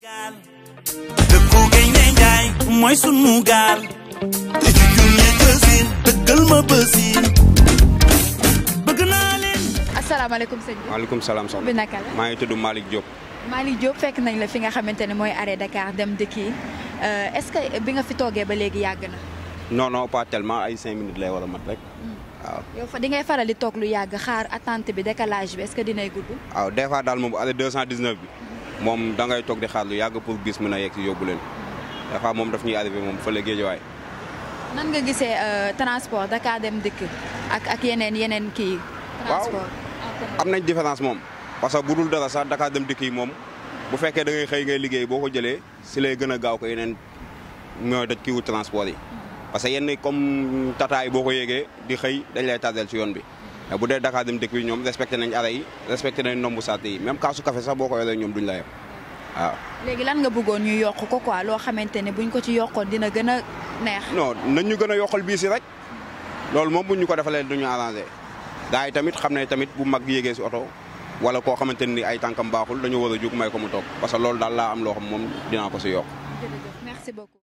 dëkku gay ne mooy sunu gaal li fi jógee bësin dëggal ma bësin bëgg naa leen asalaamaaleykum sëñ bi maa ngi tudd Malick Diop Malick Diop fekk nañ la fi nga xamante ne mooy arrêt Dakar dem dëkk yi euh, est-ce que bi nga fi toogee ba léegi yàgg na non non pas tellement ay cinq minutes lay war a mat rek hmm. waaw yow fa di ngay faral di toog lu yàgg xaar attente bi décalage bi est-ce que dinay gudd waaw des fois daal moom bu arrêt bi moom da ngay toog di xaar lu yàgg pour bis mën yegg si yóbbu leen des moom daf ñuy arrivé moom fa fële géejawaay. nan nga gisee euh, transport Dakar dem dikk ak ak yeneen yeneen kii. transport waaw am nañ différence moom. parce que bu dul dara sax Dakar dem dikk yi moom bu fekkee da ngay xëy ngay liggéey boo ko jëlee si lay gën a gaaw ko yeneen ñooy daj kiiwu transport yi. Mm-hmm. parce que yenn comme tataay boo ko yéegee di xëy dañ lay tardel ci yoon bi. bu dee Dakar dem dëkk bi ñoom respecté nañ arrêt yi respecté nañ nombu saate yi même kaasu café sax boo ko yoree ñoom duñ la waaw. léegi lan nga bëggoon ñu yokk ko quoi loo xamante ne buñ ko ci yokkoon dina gën a neex. non nañ ñu gën a yokkal bii si rek lool moom bu ñu ko defalee duñu arrangé gaa yi tamit xam ne tamit bu mag yéegee si oto wala koo xamante ni ay tànkam baaxul dañoo war a jóg may ko mu toog parce que loolu daal laa am loo xam moom dinaa ko si yokk.